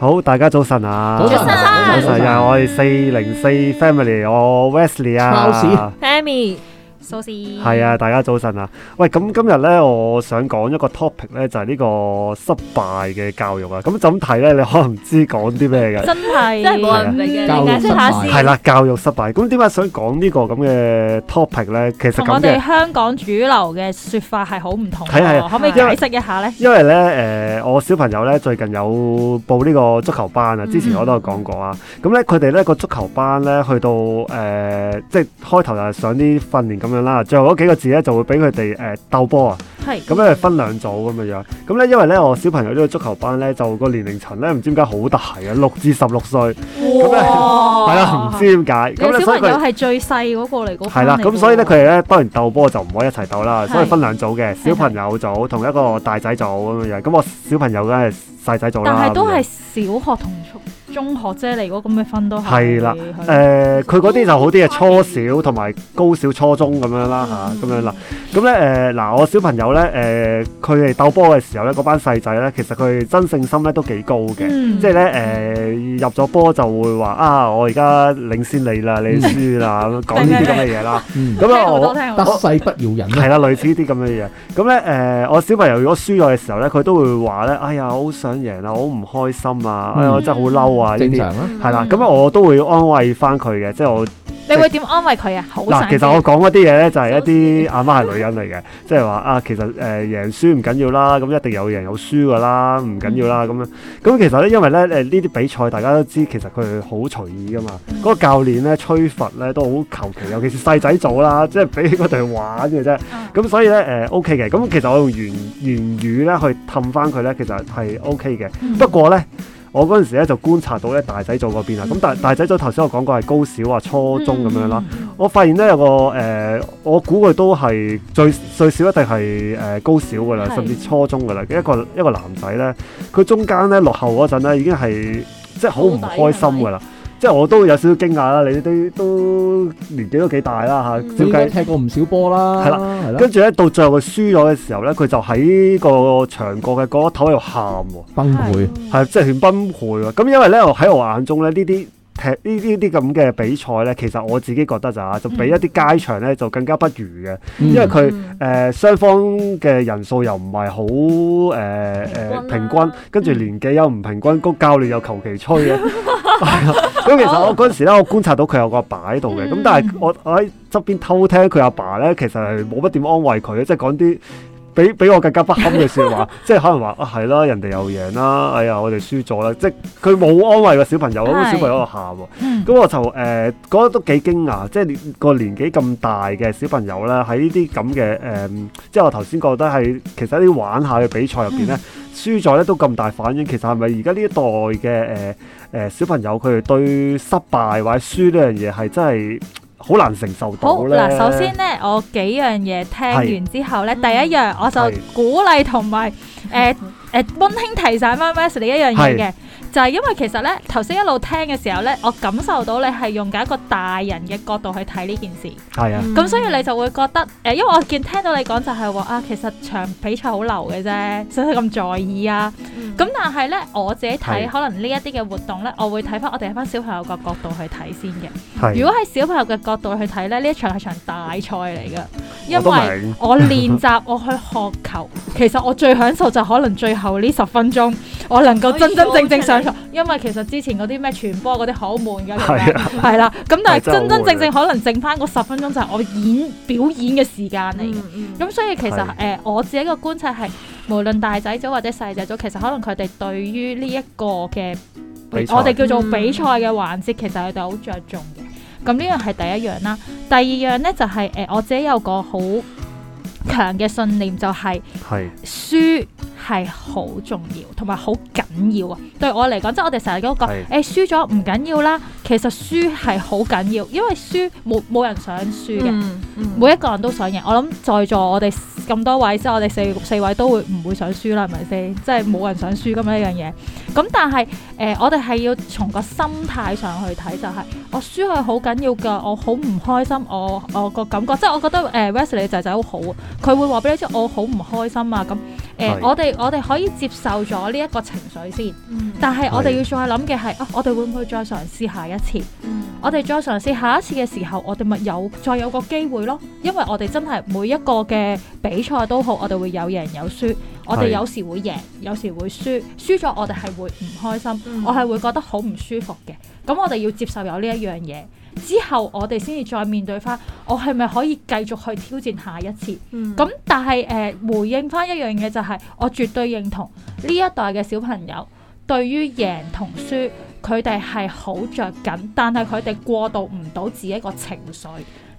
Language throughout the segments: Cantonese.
好，大家早晨啊！早晨，早晨又係我哋四零四 family，我 Wesley 啊，貓屎啊 Amy。係啊，大家早晨啊！喂，咁、嗯、今日咧，我想講一個 topic 咧，就係呢個失敗嘅教育啊。咁怎睇咧，你可能唔知講啲咩嘅？ 真係，真係、冇人明啊，解釋下，係啦，教育失敗。咁點解想講呢個咁嘅 topic 咧？其實同我哋香港主流嘅說法係好唔同嘅。係係係可唔可以解釋一下咧的？因為咧，誒、呃，我小朋友咧最近有報呢個足球班啊。之前我都有講過啊。咁咧、嗯嗯，佢哋咧個足球班咧，去到誒、呃，即係開頭就係上啲訓練咁樣，啦，最後嗰幾個字咧就會俾佢哋誒鬥波啊，係咁咧分兩組咁嘅樣，咁咧因為咧我小朋友呢個足球班咧就個年齡層咧唔知點解好大啊，六至十六歲，咁咧係啦，唔知點解。你小朋友係最細嗰個嚟，係啦，咁所以咧佢哋咧當然鬥波就唔可以一齊鬥啦，所以分兩組嘅小朋友組同一個大仔組咁樣，咁我小朋友梗係細仔組啦，但係都係小學同。中學啫，嚟嗰咁嘅分都係係啦，誒的，佢嗰啲就好啲嘅，哦、初小同埋高小、初中咁樣啦吓，咁、嗯、樣啦。嗯咁咧誒嗱，我小朋友咧誒，佢哋鬥波嘅時候咧，嗰班細仔咧，其實佢哋真性心咧都幾高嘅，即係咧誒入咗波就會話啊，我而家領先你啦，你輸啦，講呢啲咁嘅嘢啦。咁啊，我得勢不饒人。係啦，類似呢啲咁嘅嘢。咁咧誒，我小朋友如果輸咗嘅時候咧，佢都會話咧，哎呀，好想贏啊，好唔開心啊，哎，我真係好嬲啊，呢啲正常啦，係啦。咁啊，我都會安慰翻佢嘅，即係我。你會點安慰佢啊？好，其實我講嗰啲嘢咧，就係、是、一啲阿媽係女人嚟嘅，即係話啊，其實誒贏輸唔緊要啦，咁一定有贏有輸噶啦，唔緊要啦，咁樣咁其實咧，因為咧誒呢啲、呃、比賽大家都知，其實佢好隨意噶嘛，嗰、嗯、個教練咧吹罰咧都好求其，尤其是細仔組啦，即係俾佢哋玩嘅啫，咁、嗯、所以咧誒 O K 嘅，咁、呃 OK、其實我用言言語，咧去氹翻佢咧，其實係 O K 嘅，嗯、不過咧。我嗰陣時咧就觀察到咧大仔組嗰邊啊，咁但係大仔組頭先我講過係高小啊、初中咁樣啦，嗯、我發現咧有個誒、呃，我估佢都係最最少一定係誒高小噶啦，是甚至初中噶啦，一個一個男仔咧，佢中間咧落後嗰陣咧已經係即係好唔開心噶啦。即係我都有少少驚訝啦，你哋都年紀都幾大啦嚇，小雞踢過唔少波啦，係啦，係啦。跟住咧到最後佢輸咗嘅時候咧，佢就喺個場角嘅嗰頭喺度喊崩潰，係即係佢就係崩潰喎。咁因為咧喺我眼中咧呢啲。呢呢啲咁嘅比賽呢，其實我自己覺得就係、就比一啲街場呢就更加不如嘅，嗯、因為佢誒、嗯呃、雙方嘅人數又唔係好誒誒平均，跟住年紀又唔平均，個、嗯、教練又求其吹。咁其實我嗰陣時咧，我觀察到佢有個阿爸喺度嘅，咁、嗯、但係我我喺側邊偷聽佢阿爸，爸呢，其實係冇乜點安慰佢，即係講啲。比比我更加不堪嘅説話， 即係可能話啊，係啦，人哋又贏啦，哎呀，我哋輸咗啦，即係佢冇安慰個小朋友，咁個 小朋友就喊喎，咁我就誒、呃、覺得都幾驚訝，即係個年，年紀咁大嘅小朋友咧，喺呢啲咁嘅誒，即係我頭先覺得係其實啲玩一下嘅比賽入邊咧，輸咗咧都咁大反應，其實係咪而家呢一代嘅誒誒小朋友佢哋對失敗或者輸呢樣嘢係真係好難承受到咧。好嗱，首先咧，我幾樣嘢聽完之後咧，是第一樣我就鼓勵同埋誒誒溫馨提醒媽媽你一樣嘢嘅。但係因為其實咧，頭先一路聽嘅時候咧，我感受到你係用緊一個大人嘅角度去睇呢件事。係啊的。咁、嗯、所以你就會覺得，誒，因為我見聽到你講就係、是、話啊，其實場比賽好流嘅啫，使乜咁在意啊？咁、嗯、但係咧，我自己睇的可能呢一啲嘅活動咧，我會睇翻我哋係翻小朋友個角度去睇先嘅。的如果喺小朋友嘅角度去睇咧，呢一場係場大賽嚟嘅，因為我練習，我， 我去學球，其實我最享受就可能最後呢十分鐘，我能夠真真正正想以。因為其實之前嗰啲咩傳播嗰啲好悶噶，係啦，咁但係真真正，正正可能剩翻嗰十分鐘就係我演表演嘅時間嚟，咁、嗯嗯、所以其實誒是、呃、我自己個觀察係，無論大仔組或者細仔組，其實可能佢哋對於呢一個嘅賽我哋叫做比賽嘅環節，嗯、其實佢哋好着重嘅。咁呢樣係第一樣啦，第二樣呢、就是，就係誒我自己有個好強嘅信念就係、是、輸。是係好重要，同埋好緊要啊！對我嚟講，即係我哋成日都講，誒是，輸咗唔緊要啦。其實輸係好緊要，因為輸冇冇人想輸嘅，嗯嗯、每一個人都想贏。我諗在座我哋咁多位，即係我哋四四位都會唔會想輸啦？係咪先？嗯、即係冇人想輸咁樣一樣嘢。咁但係誒、呃，我哋係要從個心態上去睇，就係。我輸係好緊要噶，我好唔開心，我我個感覺即係我覺得誒，Wesley 仔仔好好，佢會話俾你知我好唔開心啊咁。誒的、呃，我哋我哋可以接受咗呢一個情緒先，嗯、但係我哋要再諗嘅係，啊我哋會唔會再嘗試下一次？嗯、我哋再嘗試下一次嘅時候，我哋咪有再有個機會咯，因為我哋真係每一個嘅比賽都好，我哋會有贏有輸。我哋有時會贏，有時會輸，輸咗我哋係會唔開心，我係會覺得好唔舒服嘅。咁我哋要接受有呢一樣嘢，之後我哋先至再面對翻，我係咪可以繼續去挑戰下一次？咁、嗯、但係誒、呃，回應翻一樣嘢就係、是，我絕對認同呢一代嘅小朋友對於贏同輸，佢哋係好着緊，但係佢哋過渡唔到自己個情緒。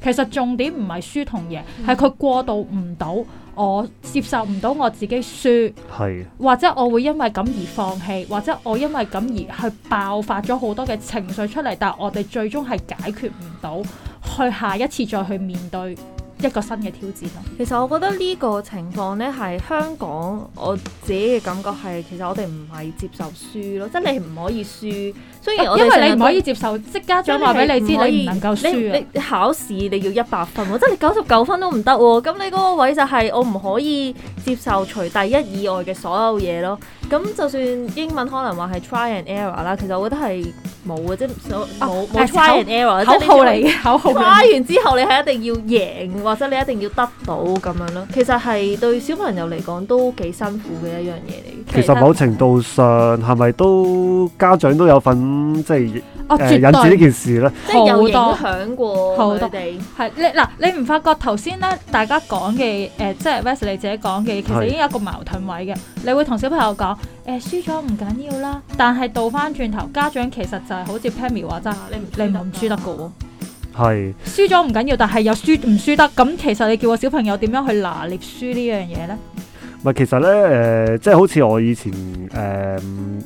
其實重點唔係輸同贏，係佢、嗯、過渡唔到，我接受唔到我自己輸，是或者我會因為咁而放棄，或者我因為咁而去爆發咗好多嘅情緒出嚟，但係我哋最終係解決唔到，去下一次再去面對一個新嘅挑戰。其實我覺得呢個情況呢，係香港我自己嘅感覺係，其實我哋唔係接受輸咯，即、係、你唔可以輸。因為你唔可以接受，即家長係唔可以能夠輸啊！你你考試，你要一百分喎，即係你九十九分都唔得喎。咁你嗰個位就係我唔可以接受除第一以外嘅所有嘢咯。咁就算英文可能話係 try and error 啦，其實我覺得係冇嘅，即冇冇 try and error，口號嚟嘅口號。try 完之後，你係一定要贏，或者你一定要得到咁樣咯。其實係對小朋友嚟講都幾辛苦嘅一樣嘢嚟。其實某程度上係咪都家長都有份？咁、嗯、即係誒引致呢件事咧，即係有影響過佢哋多。係你嗱，你唔發覺頭先咧，大家講嘅誒，即係 Vasili 自己講嘅，其實已經有一個矛盾位嘅。你會同小朋友講誒、欸，輸咗唔緊要啦，但係倒翻轉頭，家長其實就係好似 Pammy 話齋、啊，你唔你唔、啊、是輸得嘅喎。係輸咗唔緊要，但係又輸唔輸得。咁其實你叫我小朋友點樣去拿捏輸呢樣嘢咧？唔係，其實咧，誒、呃，即係好似我以前，誒、呃，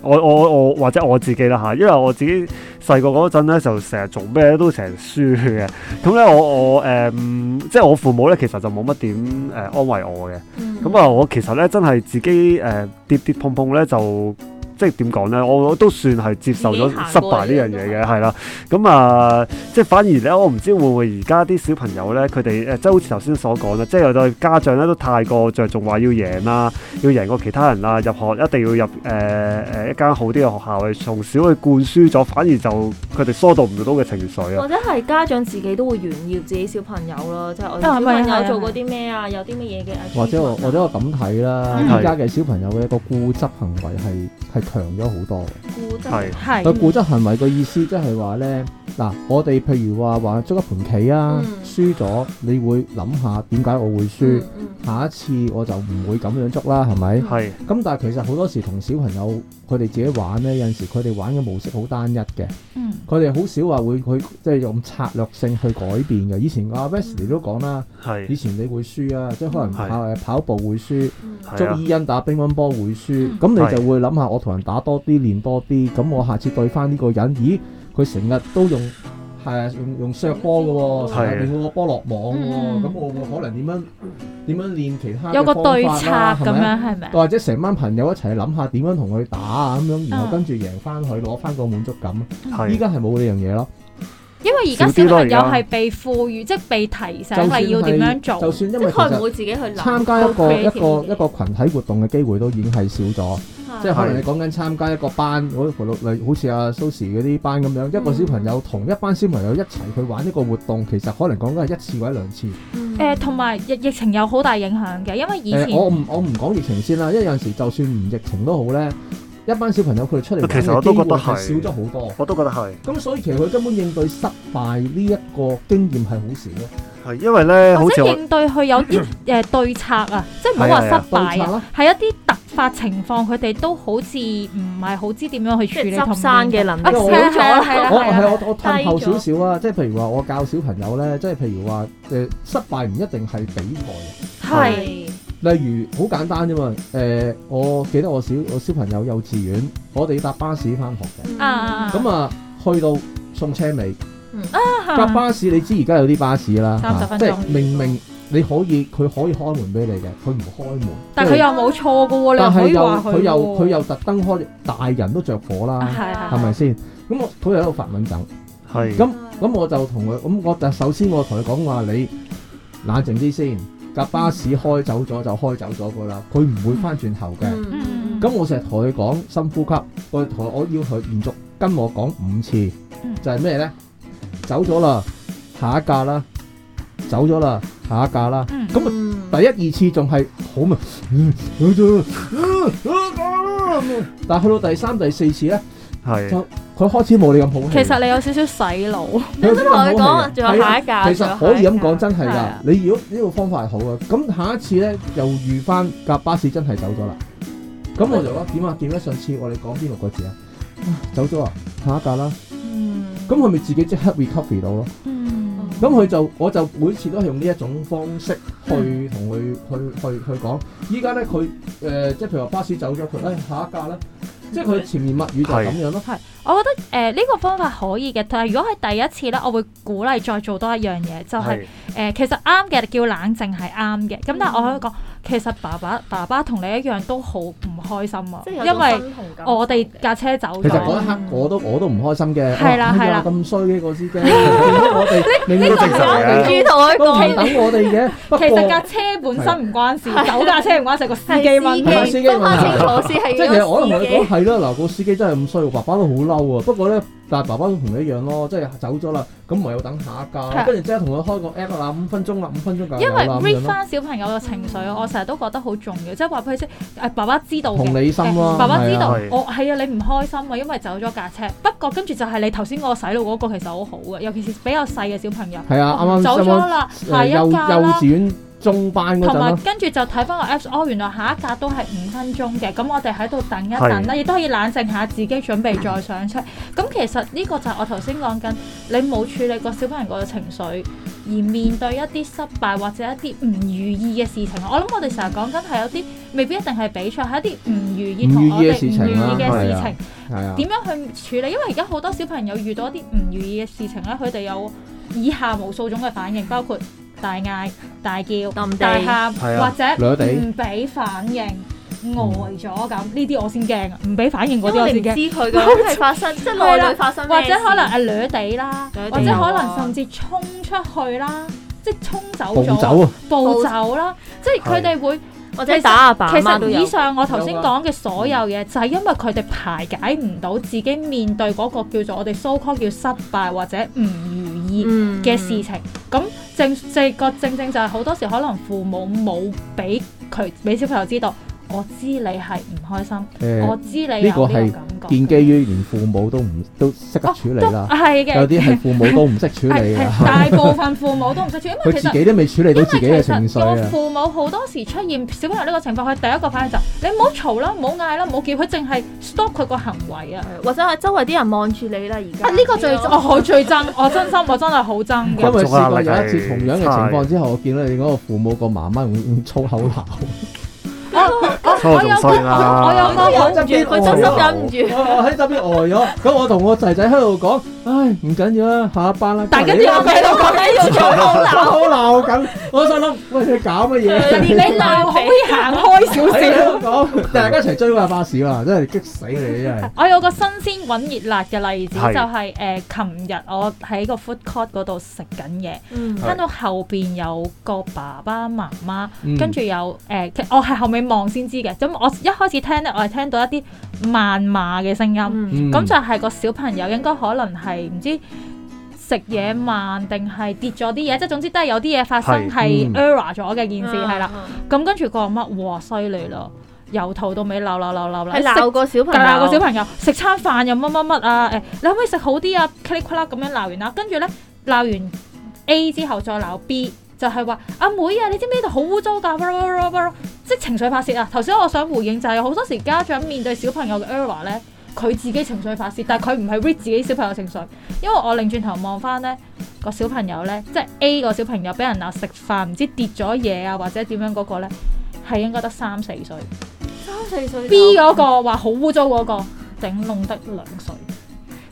我我我或者我自己啦嚇，因為我自己細個嗰陣咧，就成日做咩都成日輸嘅。咁咧，我我誒、呃，即係我父母咧，其實就冇乜點誒安慰我嘅。咁啊，我其實咧真係自己誒、呃、跌跌碰碰咧就。即係點講咧？我我都算係接受咗失敗呢樣嘢嘅，係啦。咁啊是、呃，即係反而咧，我唔知會唔會而家啲小朋友咧，佢哋誒即係好似頭先所講啦，即係有啲家長咧都太過着重話要贏啦，要贏過其他人啊，入學一定要入誒誒、呃呃呃、一間好啲嘅學校，係從小去灌輸咗，反而就佢哋疏導唔到嘅情緒啊。或者係家長自己都會炫耀自己小朋友啦，即係我小朋友做過啲咩啊，有啲乜嘢嘅。或者我或者我咁睇啦，而家嘅小朋友嘅一個固執行為係係。強咗好多，固執，係個固執行為嘅意思即係話咧。嗱，我哋譬如話話捉一盤棋啊，輸咗你會諗下點解我會輸，下一次我就唔會咁樣捉啦，係咪？係。咁但係其實好多時同小朋友佢哋自己玩呢，有陣時佢哋玩嘅模式好單一嘅，佢哋好少話會去即係用策略性去改變嘅。以前阿 Westie 都講啦，以前你會輸啊，即係可能跑步會輸，捉伊恩打乒乓波會輸，咁你就會諗下我同人打多啲，練多啲，咁我下次對翻呢個人，咦？佢成日都用係用用削波嘅喎，成日令個波落網喎。咁我可能點樣點樣練其他有個對策咁樣係咪？或者成班朋友一齊諗下點樣同佢打啊，咁樣，然後跟住贏翻佢攞翻個滿足感。依家係冇呢樣嘢咯，因為而家小朋友係被賦予即係被提醒係要點樣做，就算因為佢唔會自己去諗參加一個一個一個羣體活動嘅機會都已經係少咗。即係可能你講緊參加一個班，的好似阿、啊、Sushi 嗰啲班咁樣，嗯、一個小朋友同一班小朋友一齊去玩一個活動，其實可能講緊係一次或者兩次。誒、嗯嗯呃，同埋疫疫情有好大影響嘅，因為以前、呃、我唔我唔講疫情先啦，因為有時就算唔疫情都好咧，一班小朋友佢哋出嚟，其實我都覺得係少咗好多，我都覺得係。咁所以其實佢根本應對失敗呢一個經驗係好少咯。係因為咧，或者應對佢有啲誒對策啊， 即係唔好話失敗啊，係一啲。發情況，佢哋都好似唔係好知點樣去處理學生嘅能力，少咗係啦。我我我退後少少啊，即係譬如話，我教小朋友咧，即係譬如話，誒失敗唔一定係比賽嘅。係。例如好簡單啫嘛，誒，我記得我小我小朋友幼稚園，我哋搭巴士返學嘅。啊。咁啊，去到送車尾。搭巴士你知而家有啲巴士啦，即係明明。你可以佢可以開門俾你嘅，佢唔開門。但係佢又冇錯嘅喎、啊，又你話佢、啊。但係又佢又佢又特登開大人都着火啦，係係咪先？咁我佢又喺度發緊疹，係咁咁我就同佢咁，我就首先我同佢講話，你冷靜啲先。架巴士開走咗就開走咗㗎啦，佢唔會返轉頭嘅。咁、嗯、我成日同佢講深呼吸，我同我要佢連續跟我講五次，就係咩咧？走咗啦，下一架啦，走咗啦。下一架啦，咁，啊第一二次仲係好嘛，但係去到第三第四次咧，就佢開始冇你咁好。其實你有少少洗腦，點解同佢講仲有下一架嘅？其實可以咁講，真係噶。你如果呢個方法係好嘅，咁下一次咧又遇翻，架巴士真係走咗啦，咁我就話，點啊點咧？上次我哋講邊六個字啊？走咗啊，下一架啦。咁佢咪自己即刻 recover 到咯？咁佢就我就每次都係用呢一種方式去同佢、嗯、去去去講，依家咧佢誒即係譬如話巴士走咗佢，誒下一架咧，即係佢潛言默語就係咁樣咯。是我覺得誒呢個方法可以嘅，但係如果係第一次咧，我會鼓勵再做多一樣嘢，就係誒其實啱嘅叫冷靜係啱嘅。咁但係我想講，其實爸爸爸爸同你一樣都好唔開心啊，因為我哋架車走咗。其實嗰一刻我都我都唔開心嘅，係啦係啦，咁衰呢個司機，拎拎住台，都等我哋嘅。其實架車本身唔關事，走架車唔關事，個司機問，個司機問係即係我同佢講係係啦嗱，個司機真係咁衰，爸爸都好不過咧，但係爸爸都同你一樣咯，即係走咗啦，咁唔係要等下一架，的跟住即係同佢開個 app 啦，五分鐘啦，五分鐘搞掂啦，咁樣，因為 read 翻小朋友嘅情緒，我成日都覺得好重要，即係話俾佢知爸爸知道同你心、啊欸。爸爸知道，的我係啊你唔開心啊，因為走咗架車。的不過跟住就係你頭先個洗腦嗰個其實好好嘅，尤其是比較細嘅小朋友，啊的，啱啱。走咗啦，係一架啦。右右轉同埋跟住就睇翻個 Apps，哦，原來下一格都係五分鐘嘅，咁我哋喺度等一等啦，亦都的可以冷靜下自己，準備再上車。咁的其實呢個就係我頭先講緊，你冇處理過個小朋友個情緒，而面對一啲失敗或者一啲唔如意嘅事情。我諗我哋成日講緊係有啲未必一定係比賽，係一啲唔如意同我哋唔如意嘅事情，點樣去處理？因為而家好多小朋友遇到一啲唔如意嘅事情咧，佢哋有以下無數種嘅反應，包括，大嗌、大叫、大喊，或者唔俾反應，呆咗咁，呢啲我先驚啊！唔俾反應嗰啲我先驚。因為你唔知佢，都係發生，即係內裏發生。或者可能阿囂地啦，或者可能甚至衝出去啦，即係衝走咗，步走啦，即係佢哋會。或者打阿爸阿媽都有。其實以上我頭先講嘅所有嘢，就係因為佢哋排解唔到自己面對嗰個叫做我哋 so called 叫失敗或者唔。嗯，嘅事情，咁正正個正正就係好多時可能父母冇俾佢俾小朋友知道。我知你係唔開心，我知你嘅呢個係建基於連父母都唔都識得處理啦，有啲係父母都唔識處理，大部分父母都唔識處理，因為佢自己都未處理到自己嘅情緒，父母好多時出現小朋友呢個情況，佢第一個反應就你唔好嘈啦，唔好嗌啦，唔好叫佢，淨係 stop 佢個行為啊，或者係周圍啲人望住你啦。而家呢個最我最憎，我真心我真係好憎嘅。我試過有一次同樣嘅情況之後，我見到你嗰個父母個媽媽用粗口鬧。我我有我有我忍唔住，佢真真忍唔住，我喺側邊呆咗。咁我同我仔仔喺度講，唉，唔緊要啦，下一班啦。大家啲阿媽都咁樣要粗口鬧，粗口鬧緊。我心諗，喂，你搞乜嘢？你鬧可以行開少少。好，大家一齊追嗰架巴士啊！真係激死你啊！我有個新鮮滾熱辣嘅例子，就係誒，琴日我喺個 food court 嗰度食緊嘢，聽到後邊有個爸爸媽媽，跟住有誒，我係後尾。望先知嘅，咁我一開始聽咧，我係聽到一啲謾罵嘅聲音，咁就係個小朋友應該可能係唔知食嘢慢定係跌咗啲嘢，即係總之都係有啲嘢發生係 error 咗嘅件事係啦。咁跟住個阿媽哇，衰你咯，由頭到尾鬧鬧鬧鬧鬧，係鬧個小朋友，鬧個小朋友食餐飯又乜乜乜啊？誒，你可唔可以食好啲啊？嘰里呱啦咁樣鬧完啦，跟住咧鬧完 A 之後再鬧 B。就係話阿妹啊，你知唔知度好污糟㗎？即情緒發泄啊！頭先我想回應就係、是、好多時家長面對小朋友嘅 error 咧，佢自己情緒發泄，但係佢唔係 read 自己小朋友情緒。因為我擰轉頭望翻咧個小朋友咧，即 A 個小朋友俾人啊食飯唔知跌咗嘢啊或者點樣嗰個咧，係應該得三四歲。三四歲。B 嗰個話好污糟嗰個，整弄得兩歲。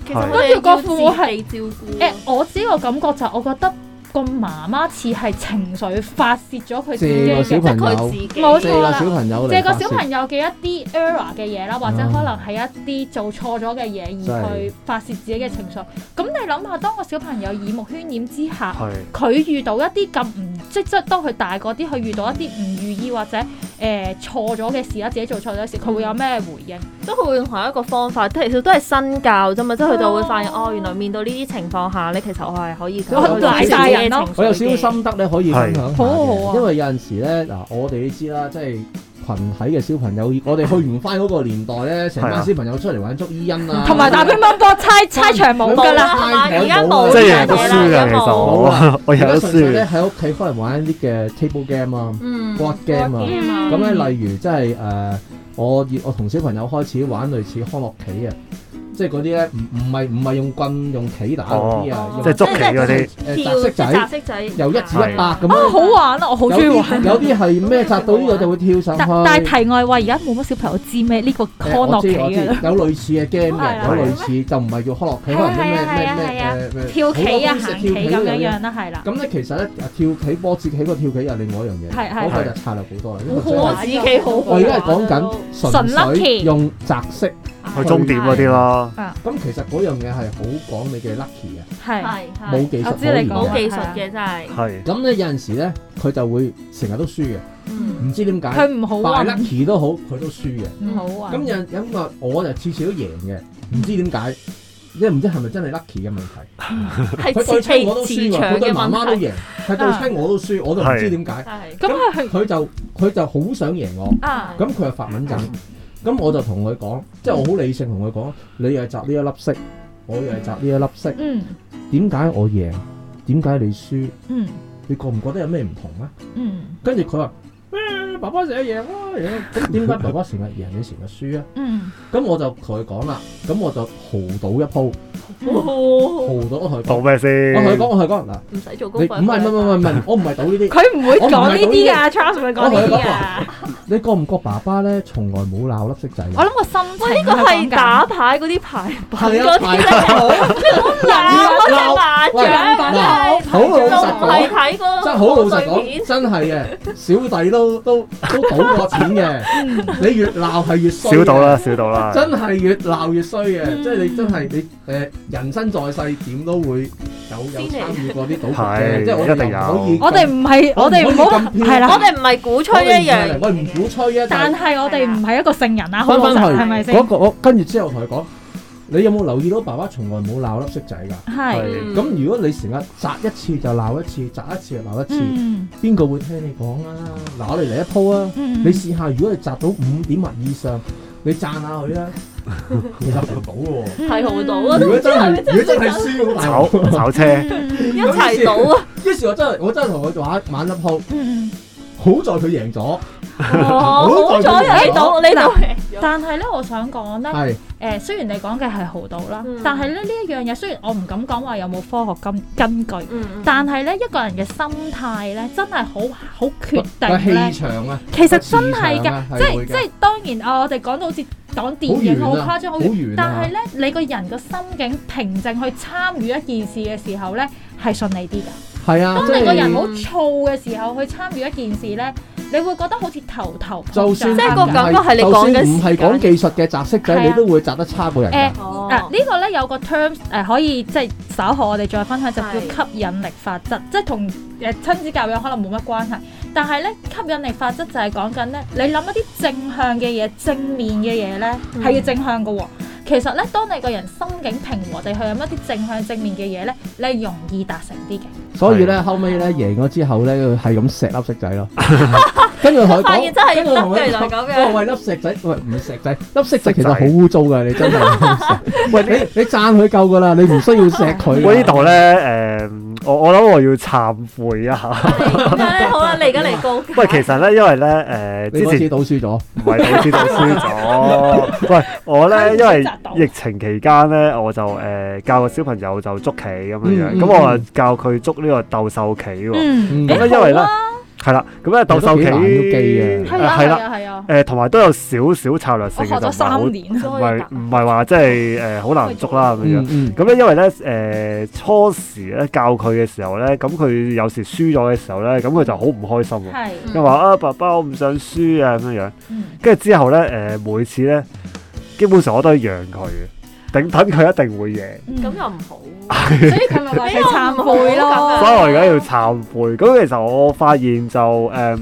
其實嗰條個父母係誒，自照顧啊、我自己個感覺就我覺得。個媽媽似係情緒發泄咗佢自己嘅，即係佢自己冇錯啦。借個小朋友嚟發泄，借個小朋友嘅一啲 error 嘅嘢啦，嗯、或者可能係一啲做錯咗嘅嘢而去發泄自己嘅情緒。咁以你諗下，當個小朋友耳目渲染之下，佢是遇到一啲咁唔即即當，當佢大個啲，佢遇到一啲唔如意或者。誒、呃、錯咗嘅事啦，自己做錯咗嘅事，佢會有咩回應？即佢、嗯、會用同一個方法，其實都係身教啫嘛。即係佢就會發現、啊、哦，原來面對呢啲情況下咧，其實我係可以拉曬我有少少、就是、心得你可以分享。好好啊！因為有陣時咧，嗱的，我哋都知啦，即係。群體嘅小朋友，我哋去唔翻嗰個年代咧，成班小朋友出嚟玩捉伊因啊，同埋打乒乓波猜猜長毛噶啦，而家冇嘅啦，而家冇嘅啦。我有得輸嘅，我有得輸嘅。喺屋企可能玩一啲嘅 table game 啊，board game 啊，咁咧例如即係誒，我我同小朋友開始玩類似康樂棋啊。即係嗰啲咧，唔唔係唔係用棍用棋打嗰啲啊，即係捉棋嗰啲，扎色仔，扎色仔，由一至一百咁樣。啊，好玩啊！我好中意玩。有啲係咩扎到呢個就會跳上去。但但題外話，而家冇乜小朋友知咩呢個康樂棋啊。有類似嘅 game 嘅，有類似就唔係叫康樂棋，可能咩咩咩誒咩跳棋啊、跳棋咁樣樣啦，係啦。咁咧其實咧，跳棋、波子棋嗰跳棋又另外一樣嘢，嗰個就策略好多啦。因為波子棋好。我而家係講緊純粹用扎色。去終點嗰啲咯，咁其實嗰樣嘢係好講你嘅 lucky 嘅，係冇技術，冇技術嘅真係。係咁咧，有陣時咧，佢就會成日都輸嘅，唔知點解。佢唔好 lucky 都好，佢都輸嘅。唔好運。咁有有個我就次次都贏嘅，唔知點解，因為唔知係咪真係 lucky 嘅問題？佢對親我都輸，佢對媽媽都贏。佢對親我都輸，我都唔知點解。咁佢就佢就好想贏我，咁佢又發文震。咁我就同佢講，即係我好理性同佢講，你又係摘呢一粒色，我又係摘呢一粒色，點解我贏？點解你輸？你覺唔覺得有咩唔同啊？跟住佢話：爸爸成日贏啊，咁點解爸爸成日贏，你成日輸啊？咁我就同佢講啦，咁我就豪賭一鋪，豪賭我同你講咩先？我同你講，我同你講嗱，唔使做功課，唔係唔係唔係唔係，我唔係賭呢啲，佢唔會講呢啲噶，Charles 會講你覺唔覺爸爸咧從來冇鬧粒色仔？我諗個心，喂，呢個係打牌嗰啲牌，牌嗰啲真係好鬧啊！家長派，好老實講，真係好老實講，真係嘅，小弟都都都賭過錢嘅，你越鬧係越衰啊！少賭啦，少賭啦，真係越鬧越衰嘅，即係你真係你誒人生在世點都會有有參與過啲賭牌嘅，即係一定有。我哋唔係，我哋唔好，我哋唔係鼓吹一樣。好吹啊！但係我哋唔係一個聖人啊，好唔好？係咪先？我我跟住之後，我同佢講：你有冇留意到爸爸從來冇鬧粒色仔㗎？係。咁如果你成日砸一次就鬧一次，砸一次就鬧一次，邊個會聽你講啊？嗱，我哋嚟一鋪啊！你試下，如果你砸到五點或以上，你讚下佢啦。係好到喎！係好到啊！如果真係，如果真係輸，炒炒車一齊賭啊！於是，我真係我真係同佢玩玩一鋪。好在佢贏咗，好在喺度。嗱，但係咧，我想講咧，誒，雖然你講嘅係豪賭啦，但係咧呢一樣嘢，雖然我唔敢講話有冇科學根根據，但係咧一個人嘅心態咧，真係好好決定咧氣場啊！其實真係㗎，即係即係當然啊！我哋講到好似講電影好誇張好遠，但係咧你個人嘅心境平靜去參與一件事嘅時候咧，係順利啲㗎。係啊！就係、當你個人好燥嘅時候去參與一件事咧，嗯、你會覺得好似頭頭碰上，即係個感覺係你講緊唔係講技術嘅擲骰仔，啊、你都會擲得差過人嘅。欸哦啊呢個、呢個咧有個 terms 誒、呃，可以即係稍後我哋再分享，就叫吸引力法則。是即係同誒親子教育可能冇乜關係，但係咧吸引力法則就係講緊咧，你諗一啲正向嘅嘢、正面嘅嘢咧，係要正向嘅喎。嗯其實咧，當你個人心境平和地去，諗一啲正向正面嘅嘢咧，你係容易達成啲嘅。所以咧，後尾咧贏咗之後咧，佢係咁錫粒石仔咯。跟住佢講，跟住同佢，喂粒石仔，喂唔係石仔，粒石仔其實好污糟㗎，你真係。喂你你讚佢夠㗎啦，你唔需要錫佢。喂呢度咧誒。我我諗我要懺悔一下。好啦，你而家嚟高。喂，其實咧，因為咧，誒、呃，之前賭輸咗，唔係賭輸賭輸咗。喂， 我咧因為疫情期間咧，我就誒、呃、教個小朋友就捉棋咁樣樣，咁我啊教佢捉呢個鬥獸棋喎。嗯，咁咧因為咧。係啦，咁咧鬥獸棋啊，係啦，係啊，誒，同埋都有少少策略性嘅，唔係唔係話即係誒好難捉啦咁樣。咁咧因為咧誒初時咧教佢嘅時候咧，咁佢有時輸咗嘅時候咧，咁佢就好唔開心嘅，因為話啊爸爸我唔想輸啊咁樣樣。跟住之後咧，誒每次咧，基本上我都係讓佢嘅。頂等佢一定會贏，咁又唔好，所以佢咪俾我懺悔咯。所以我而家要懺悔，咁其實我發現就誒，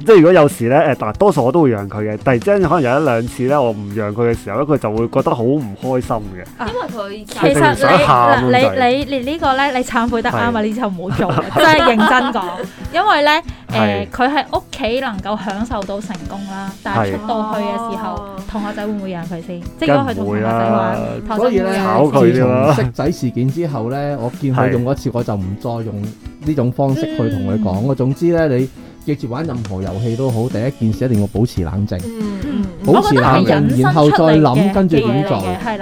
即係如果有時咧誒，大多數我都會讓佢嘅，但係真可能有一兩次咧，我唔讓佢嘅時候咧，佢就會覺得好唔開心嘅。因為佢其實你你你連呢個咧，你懺悔得啱啊！呢次唔好做，真係認真講，因為咧。誒佢喺屋企能夠享受到成功啦，但係出到去嘅時候，同學仔會唔會讓佢先？即係去同同學仔話，所以咧，自從骰仔事件之後咧，我見佢用一次，我就唔再用呢種方式去同佢講。我總之咧，你直接玩任何遊戲都好，第一件事一定要保持冷靜，保持冷靜，然後再諗跟住點做。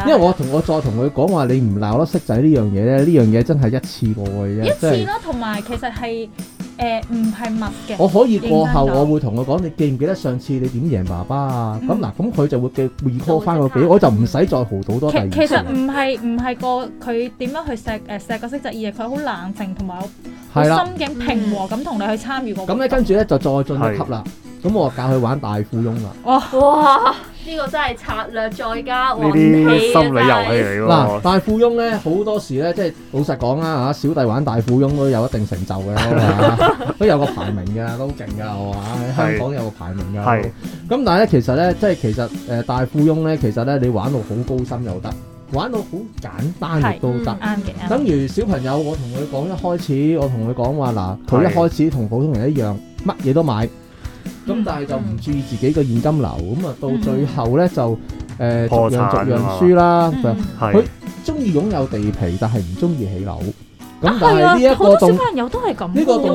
因為我同我再同佢講話，你唔鬧啦，骰仔呢樣嘢咧，呢樣嘢真係一次過嘅啫。一次咯，同埋其實係。誒唔係密嘅，我可以過後我會同佢講，你記唔記得上次你點贏爸爸啊？咁嗱、嗯，咁佢就會嘅 recall 翻個表，我就唔使再豪賭多第二。其實唔係唔係個佢點樣去錫誒錫個色仔，而係佢好冷靜同埋個心境平和咁同你去參與個。咁咧、嗯、跟住咧就再進一級啦。咁是我就教佢玩大富翁啦。哇！哇呢個真係策略再加呢啲心理遊戲啊！嗱，大富翁咧好多時咧，即係老實講啦吓，小弟玩大富翁都有一定成就嘅， 都有個排名嘅，都好勁噶，我話香港有個排名嘅，係是。咁但係咧，其實咧，即係其實誒、呃，大富翁咧，其實咧，你玩到好高深又得，玩到好簡單亦都得，啱嘅。等、嗯、於小朋友，我同佢講一開始，我同佢講話嗱，佢、啊、一開始同普通人一樣，乜嘢都買。咁、嗯、但係就唔注意自己嘅現金流，咁啊、嗯、到最後咧就誒，呃、產逐樣逐樣輸啦。佢中意擁有地皮，但係唔中意起樓。咁、啊、但係呢一個動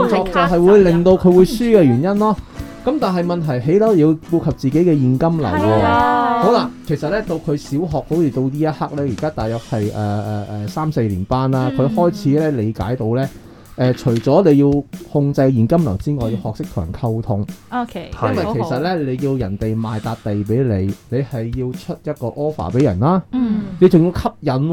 作就係會令到佢會輸嘅原因咯。咁、啊、但係問題起樓要顧及自己嘅現金流。啊、好啦，其實咧到佢小學好似到呢一刻咧，而家大約係誒誒誒三四年班啦，佢、嗯、開始咧理解到咧。誒，除咗你要控制現金流之外，要學識同人溝通。O K，因為其實咧，你要人哋賣笪地俾你，你係要出一個 offer 俾人啦。嗯，你仲要吸引，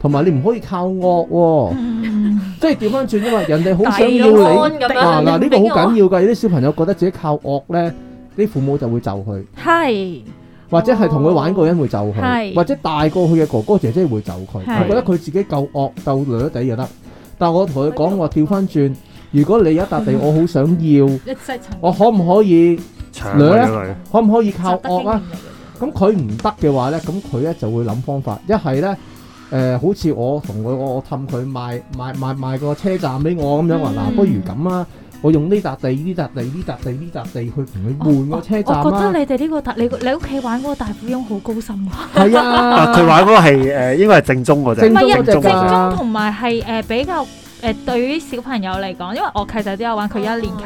同埋你唔可以靠惡。嗯，即係調翻轉因為人哋好想要你。嗱嗱，呢個好緊要㗎。有啲小朋友覺得自己靠惡咧，啲父母就會就佢。係。或者係同佢玩嗰個人會就佢，或者大過佢嘅哥哥姐姐會就佢。我覺得佢自己夠惡夠女磊就得。但我同佢講話調翻轉，如果你有一笪地，我好想要， 我可唔可以長啊？ 呢可唔可以靠惡啊？咁佢唔得嘅話呢，咁佢咧就會諗方法。一係呢，誒、呃、好似我同佢我氹佢賣賣賣賣，賣個車站俾我咁樣話，嗱、嗯、不如咁啊！.我用呢笪地呢笪地呢笪地呢笪地去同佢換個車站、啊、我，我，我覺得你哋呢、呢個你你屋企玩嗰個大富翁好高深啊，啊！係啊， 佢玩嗰個係誒應該係正宗㗎啫，唔係正宗同埋係誒比較。誒對於小朋友嚟講，因為我契仔都有玩，佢一年級，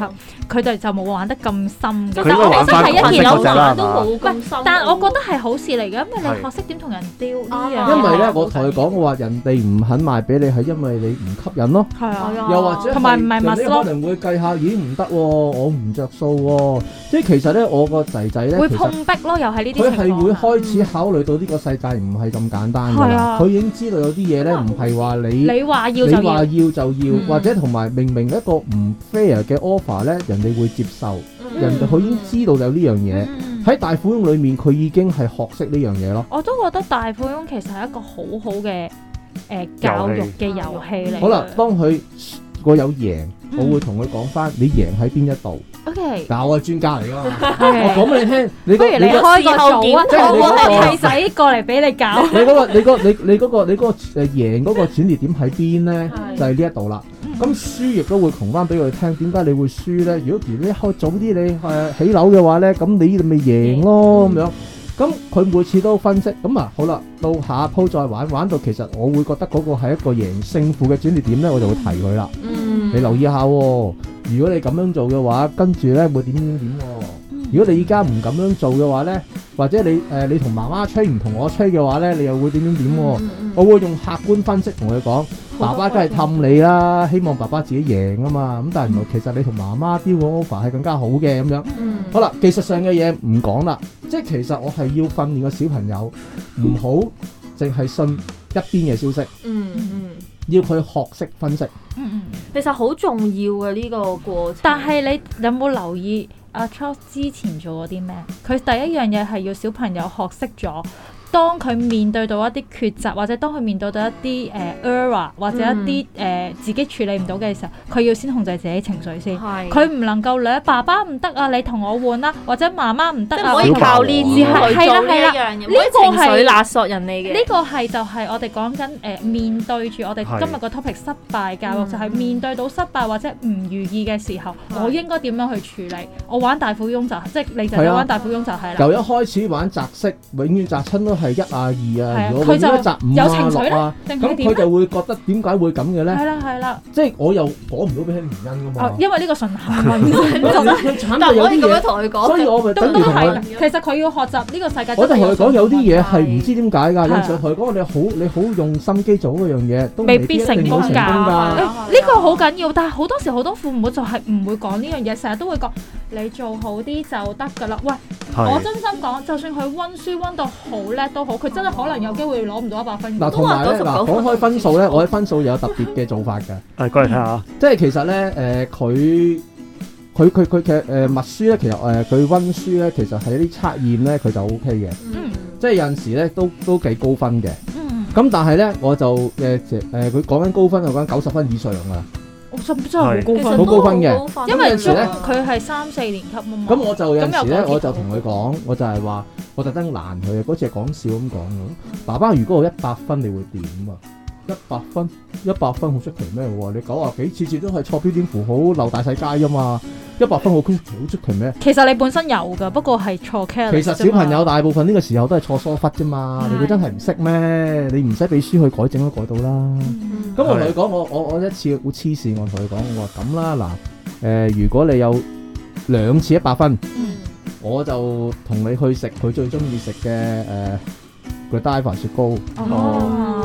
佢哋就冇玩得咁深嘅。佢個心係一嚟就玩都冇咁深。但係我覺得係好事嚟嘅，因為你學識點同人 deal 呢樣嘢。因為咧，我同佢講，我話人哋唔肯賣俾你係因為你唔吸引咯。係啊。又或者同埋唔係物咯。可能會計下，咦唔得喎，我唔著數喎。即係其實咧，我個仔仔咧會碰壁咯，又係呢啲情況。佢係會開始考慮到呢個世界唔係咁簡單㗎。係啊。佢已經知道有啲嘢咧，唔係話你你話要就。又要或者同埋明明一個唔 fair 嘅 offer 咧，人哋會接受，人哋佢已經知道有呢樣嘢。喺大富翁裏面，佢已經係學識呢樣嘢咯。我都覺得大富翁其實係一個好好嘅誒教育嘅遊戲嚟。好啦，當佢個有贏。我會同佢講翻，你贏喺邊一度？O K，但，我係專家嚟噶嘛，我講俾你聽。你不如你開個組，我我係使過嚟俾你教。你嗰個，你嗰，你你嗰個，你嗰個誒贏嗰個轉折點喺邊咧？就係呢一度啦。咁輸亦都會窮翻俾佢聽，點解你會輸咧？如果你開早啲，你係起樓嘅話咧，咁你呢度咪贏咯咁樣。咁佢每次都分析，咁啊好啦，到下鋪再玩，玩到其實我會覺得嗰個係一個贏勝負嘅轉折點咧，我就會提佢啦。你留意下喎、哦，如果你咁樣做嘅話，跟住咧會點點點。嗯、如果你依家唔咁樣做嘅話咧，或者你誒、呃、你同媽媽吹唔同我吹嘅話咧，你又會點點點。嗯嗯，我會用客觀分析同佢講，爸爸梗係氹你啦，希望爸爸自己贏啊嘛。咁、嗯嗯、但係原來其實你同媽媽 deal over 係更加好嘅咁樣。嗯嗯，好啦，技術上嘅嘢唔講啦，即係其實我係要訓練個小朋友唔、嗯嗯、好淨係信一邊嘅消息。嗯嗯，嗯，嗯嗯、要佢學識分析。嗯其實好重要嘅呢，這個過程，但係你有冇留意阿 Charles 之前做咗啲咩？佢第一樣嘢係要小朋友學識咗，當佢面對到一啲抉擇，或者當佢面對到一啲誒 error，或者一啲誒自己處理唔到嘅時候，佢要先控制自己情緒先。佢唔能夠兩爸爸唔得啊，你同我換啦，或者媽媽唔得啊，同我換。教練嚟做咩樣嘅？情緒勒索人嚟嘅。呢個係就係我哋講緊誒面對住我哋今日個 topic 失敗教育，就係面對到失敗或者唔如意嘅時候，我應該點樣去處理？我玩大富翁就即係你就玩大富翁就係啦。由一開始玩擲色，永遠擲親都係。係一啊二啊。如果一集五啊六啊，咁佢就會覺得點解會咁嘅咧？係啦係啦，即係我又講唔到俾佢原因噶嘛，因為呢個循環，但係我咁樣同佢講。所以我咪都都係。其實佢要學習呢個世界。我同佢講有啲嘢係唔知點解㗎。我哋同佢講，你好你好用心機做嗰樣嘢，未必成功㗎。呢個好緊要。但係好多時好多父母就係唔會講呢樣嘢，成日都會講你做好啲就得㗎啦。喂！是我真心講，就算佢温書温到好叻都好，佢真係可能有機會攞唔到一百分。嗱，同埋咧，講開分數咧， 我啲分數有特別嘅做法嘅，誒、 嗯，過嚟睇下。即係其實咧，誒、呃，佢佢佢佢嘅誒默書咧，其實誒佢温書咧，其實係一啲測驗咧，佢就 O K 嘅。嗯。即係有陣時咧，都都幾高分嘅。嗯。咁但係咧，我就誒誒，佢、呃、講緊高分就講九十分以上啊。真真係好高分，好對高分嘅。因為佢係三四年級啊嘛。咁我就有陣時咧，我就同佢講，我就係話，我特登攔佢啊，嗰次講笑咁講嘅。爸爸，如果我一百分，你會點啊？一百分，一百分好出奇咩？你九廿幾，次次都係錯標點符號，流大細街啊嘛！一百分好出奇，好出奇咩？其實你本身有噶，不過係錯 careless。其實小朋友大部分呢個時候都係錯疏忽啫嘛，的你佢真係唔識咩？你唔使俾書去改整都改到啦。咁我同佢講，我我我一次我黐線，我同佢講，我話咁啦，嗱，誒、呃，如果你有兩次一百分，嗯、我就同你去食佢最中意食嘅誒個戴飯雪糕。Oh. Oh.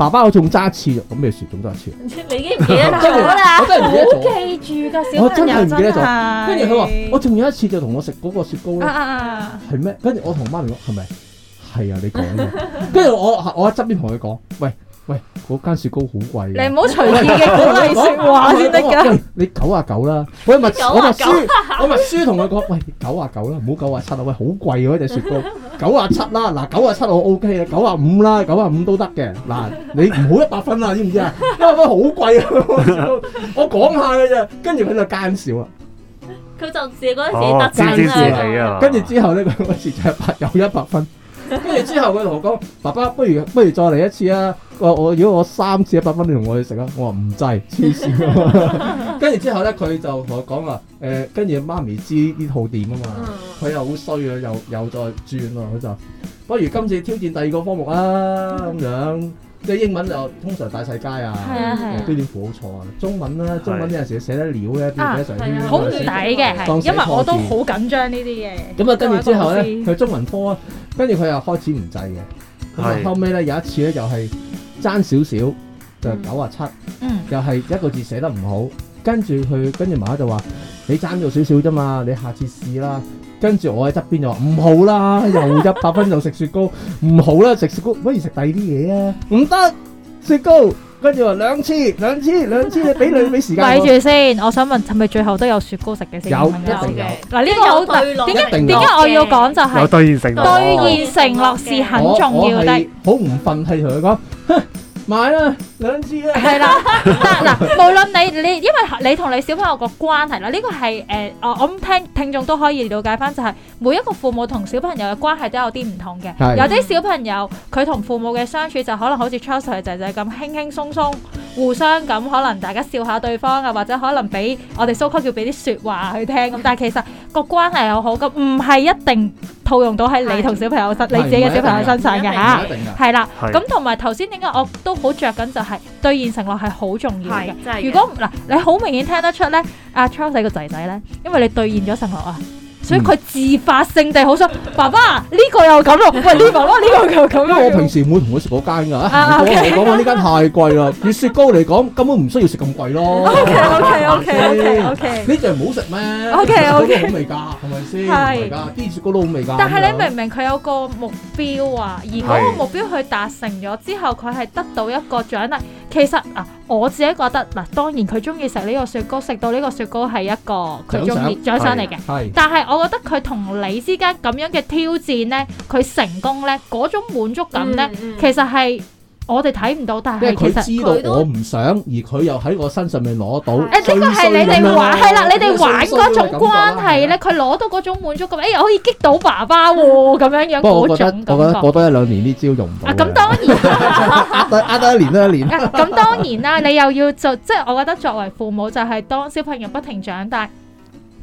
爸爸我仲揸一次，咁咩事，仲揸一次？雪你已經唔記得咗啦，我真係唔記得咗。記住㗎，小朋友真係。跟住佢話，我仲有一次就同我食嗰個雪糕咧，係咩、啊啊？跟住我同媽咪講係咪？係啊，你講。 跟住我我喺側邊同佢講，喂。喂，嗰間雪糕好貴嘅，你唔好隨便咁嚟說話先得嘅。你九啊九啦，喂咪，我咪書，我咪書同佢講，喂九啊九啦，唔好九啊七啊，喂好貴嘅嗰隻雪糕，九啊七啦，嗱九啊七我 OK 啦，九啊五啦，九啊五都得嘅。嗱你唔好一百分啦，知唔知啊？因為佢好貴啊，我講下嘅啫。跟住佢就奸笑啊，佢就自覺得自己得讚啊。跟住之後咧，佢嗰時就有一百分。跟住之後佢佢，佢同我講：爸爸，不如不如再嚟一次啊！我我如果我三次一百蚊，你同我去食啊！我話唔制，黐線！跟住、啊、 之後咧，佢就同我講話誒，跟住媽咪知呢套點啊嘛，佢、嗯、又好衰啊，又又再轉喎，佢就不如今次挑戰第二個科目啊咁、嗯、樣。即係英文就通常大細階啊，標點符號好錯啊！中文咧、啊，啊、中文有陣時寫得潦咧，變咗成啲好唔抵嘅，因為我都好緊張呢啲嘢。咁啊，跟住之後咧，佢中文科，跟住佢又開始唔制嘅。咁、啊、後尾咧有一次咧，又係爭少少，就九啊七，又係一個字寫得唔好，跟住佢跟住媽媽就話：你爭咗少少啫嘛，你下次試啦。跟住我喺側邊就話唔好啦，又一百分就食雪糕，唔好啦，食雪糕，不如食第二啲嘢啊！唔得雪糕，跟住話兩次，兩次，兩次，你俾兩，俾時間我。睇住先，我想問係咪最後都有雪糕食嘅先？有，一定有。嗱，呢個好對，點解，點解我要講，就係兌現承諾是很重要的。我，我係好唔忿氣，係同佢講。買啦，兩支啦。係啦，嗱嗱，無論你你，因為你同你小朋友個關係啦，呢個係誒，我諗聽聽眾都可以了解返，就係每一個父母同小朋友嘅關係都有啲唔同嘅。有啲小朋友佢同父母嘅相處就可能好似 Charles 嘅仔仔咁輕輕鬆鬆，互相咁可能大家笑下對方啊，或者可能俾我哋 so-called 俾啲説話去聽咁，但係其實個關係又好咁，唔係一定。.套用到喺你同小朋友身，你自己嘅小朋友身上嘅嚇，係啦。咁同埋頭先點解我都好着緊，就係兌現承諾，係好重要嘅。如果嗱，你好明顯聽得出咧，阿 Charles 個仔仔咧，因為你兌現咗承諾啊。所以佢自發性地好想，嗯、爸爸呢、這個又咁咯，喂呢爸爸呢個又咁用咯。我平時唔會同佢食嗰間噶，我同佢講我呢間太貴啦。 以雪糕嚟講，根本唔需要食咁貴咯。O K O K O K O K o k 呢隻唔好食咩？O K O K 好味噶，係咪先？係噶啲雪糕都好味噶。但係你明唔明佢有個目標啊，而嗰個目標佢達成咗之後，佢係得到一個獎勵。其實啊。我自己覺得嗱，當然佢中意食呢個雪糕，食到呢個雪糕係一個佢中意獎賞嚟嘅。係，但係我覺得佢同你之間咁樣嘅挑戰呢，佢成功呢嗰種滿足感呢，嗯嗯、其實係。我哋睇唔到，但係因為佢知道我唔想，而佢又喺我身上面攞到。誒，呢個係你哋玩，係啦，你哋玩嗰種關係咧，佢攞到嗰種滿足感，誒，可以激到爸爸喎，咁樣樣嗰種感覺。不過我覺得，我覺得過多一兩年呢招用唔到。啊，咁當然，壓得壓得一年一年。啊，咁當然啦，你又要做，即係我覺得作為父母就係當小朋友不停長大。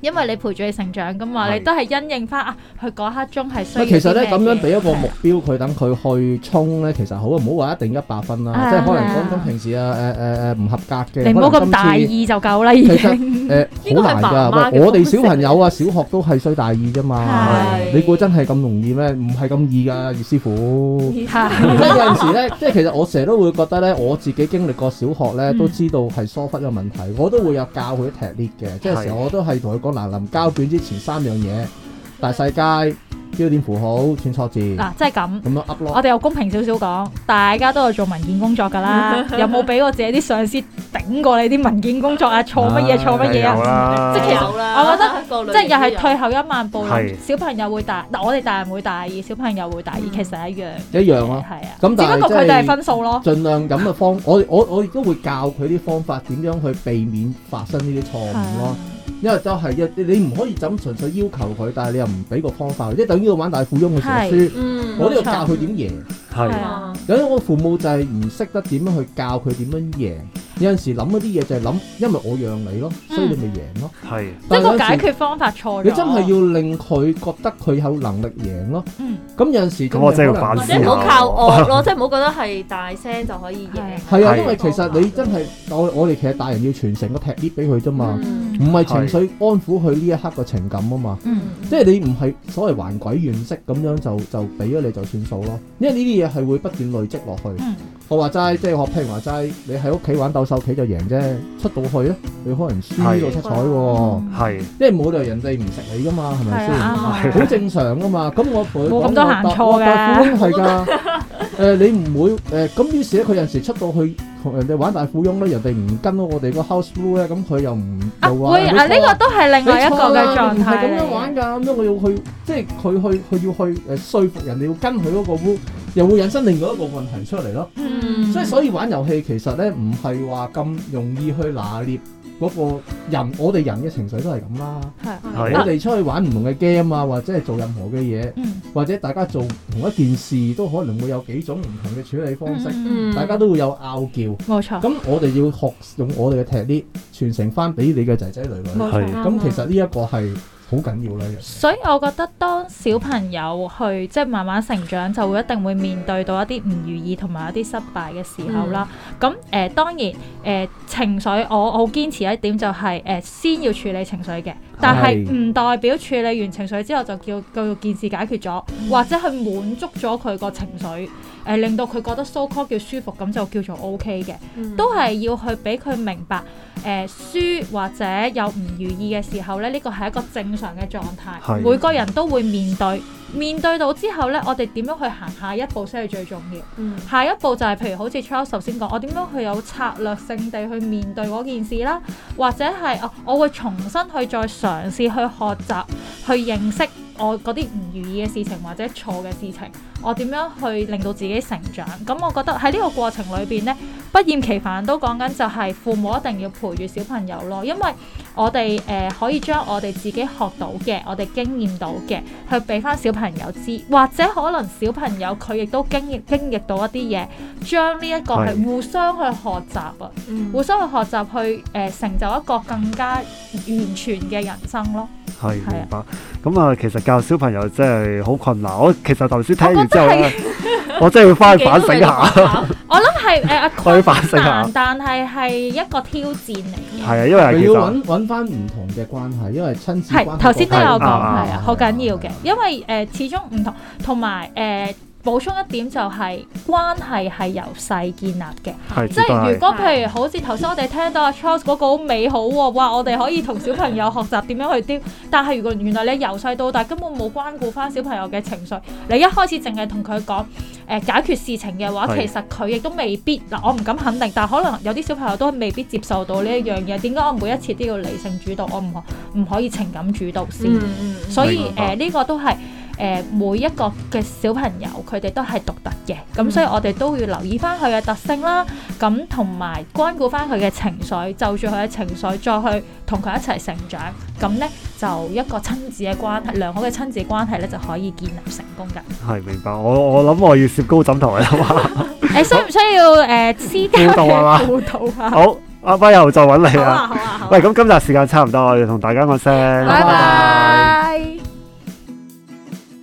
因為你陪住佢成長噶嘛，你都係因應翻啊，佢嗰刻鐘係需要。其實咧，咁樣俾一個目標佢等佢去衝咧，其實好啊，唔好話一定一百分啦，即係可能當中平時啊誒誒誒，唔合格嘅。你唔好咁大意就夠啦，已經。其實誒，好難㗎，我哋小朋友啊，小學都係需大意啫嘛。你估真係咁容易咩？唔係咁易㗎，葉師傅。即係有陣時咧，即係其實我成日都會覺得咧，我自己經歷過小學咧，都知道係疏忽嘅問題，我都會有教佢踢裂嘅，即係成日我都係同佢講。臨交卷之前三樣嘢：大細楷、標點符號、串錯字。嗱，即係咁。咁樣 upload。我哋又公平少少講，大家都係做文件工作㗎啦。有冇俾我自己啲上司頂過你啲文件工作啊？錯乜嘢？錯乜嘢啊？即係其實我覺得，即係又係退後一萬步。小朋友會大，嗱，我哋大人會大意，小朋友會大意，其實係一樣。一樣咯。係啊。咁，只不過佢哋係分數咯。儘量咁嘅方，我我我亦都會教佢啲方法，點樣去避免發生呢啲錯誤咯。因為就係一，你唔可以咁純粹要求佢，但係你又唔俾個方法，即係等於要玩大富翁嘅輸。嗯，我都要教佢點贏。係錯，有啲我父母就係唔識得點樣去教佢點樣贏。有陣時諗嗰啲嘢就係諗，因為我讓你咯，所以你咪贏咯。係，即係個解決方法錯咗。你真係要令佢覺得佢有能力贏咯。嗯，咁有陣時，我真係要反思。或者唔好靠我咯，即係唔好覺得係大聲就可以贏。係啊，因為其實你真係我我哋其實大人要傳承個踢啲俾佢啫嘛，唔係情緒安撫佢呢一刻個情感啊嘛。嗯，即係你唔係所謂還鬼願式咁樣就就俾咗你就算數咯，因為呢啲嘢係會不斷累積落去。我話齋，即係我譬如話齋，你喺屋企玩鬥獸棋就贏啫，出到去咧，你可能輸到七彩喎。係的，嗯、因為冇理由人哋唔食你噶嘛，係咪先？好正常噶嘛。咁我冇咁多行錯嘅。大富翁係㗎。誒，你唔會誒？咁、呃、於是咧，佢有時出到去同人哋玩大富翁咧，人哋唔跟咯我哋個 house rule 咧，咁佢又唔又話。會啊，呢、啊這個都係另外一個嘅狀態。係咁樣玩㗎，咁呢我要去，即係佢去，佢要去誒説、呃、服人哋要跟佢嗰個 rule, 又會引申另外一個問題出嚟咯，嗯、所以所以玩遊戲其實咧唔係話咁容易去拿捏嗰個人，我哋人嘅情緒都係咁啦。我哋出去玩唔同嘅 game 啊，或者係做任何嘅嘢，嗯、或者大家做同一件事都可能會有幾種唔同嘅處理方式，嗯、大家都會有拗撬。冇、嗯、錯。咁我哋要學用我哋嘅 technique 傳承翻俾你嘅仔仔女女。係錯。咁其實呢一個係。好緊要啦！所以我覺得當小朋友去即係慢慢成長，就會一定會面對到一啲唔如意同埋一啲失敗嘅時候啦。咁誒、嗯呃、當然誒、呃、情緒，我好堅持一點就係、是、誒、呃、先要處理情緒嘅。但係唔代表處理完情緒之後就叫叫件事解決咗，嗯、或者係滿足咗佢個情緒，誒、呃、令到佢覺得 so call 叫舒服咁就叫做 OK 嘅，嗯、都係要去俾佢明白，誒、呃、輸或者有唔如意嘅時候咧，呢個係一個正常嘅狀態，嗯、每個人都會面對。面對到之後呢，我哋點樣去行下一步先係最重要。嗯、下一步就係譬如好似頭先講，我點樣去有策略性地去面對嗰件事啦，或者係哦，我會重新去再嘗試去學習去認識。我嗰啲唔如意嘅事情或者錯嘅事情，我點樣去令到自己成長，咁我覺得喺呢個過程裏邊呢，不厭其煩都講緊就係父母一定要陪住小朋友咯，因為我哋誒、呃、可以將我哋自己學到嘅、我哋經驗到嘅，去俾翻小朋友知，或者可能小朋友佢亦都經歷經歷到一啲嘢，將呢一個係互相去學習啊，的互相去學習去誒、呃、成就一個更加完全嘅人生咯。係明白，咁、嗯、啊，其實教小朋友真係好困難。我其實頭先聽完之後咧，我，我真係要翻去反省下。我諗係誒，佢反省下。但係係一個挑戰嚟嘅。係啊，因為要揾揾翻唔同嘅關係，啊啊啊啊、因為親子關係。係頭先都有講，係啊，好緊要嘅，因為誒始終唔同，同埋誒。呃補充一點就係關係係由細建立嘅，是即係如果譬如好似頭先我哋聽到阿 Charles 嗰個好美好喎、哦，哇！我哋可以同小朋友學習點樣去丟， 但係如果原來你由細到大根本冇關顧翻小朋友嘅情緒，你一開始淨係同佢講誒解決事情嘅話，是其實佢亦都未必嗱，我唔敢肯定，但係可能有啲小朋友都未必接受到呢一樣嘢。點解我每一次都要理性主導？我唔可唔可以情感主導先？嗯、所以誒，呢個都係。誒每一個嘅小朋友，佢哋都係獨特嘅，咁所以我哋都要留意翻佢嘅特性啦，咁同埋關顧翻佢嘅情緒，就住佢嘅情緒再去同佢一齊成長，咁咧就一個親子嘅關係，良好嘅親子關係咧就可以建立成功嘅。係，明白，我我諗我要攝高枕頭啊嘛。你需唔需要誒私家嘅輔導啊嘛？好，阿爸又再揾你啦。喂，咁今日時間差唔多，我要同大家講聲拜拜。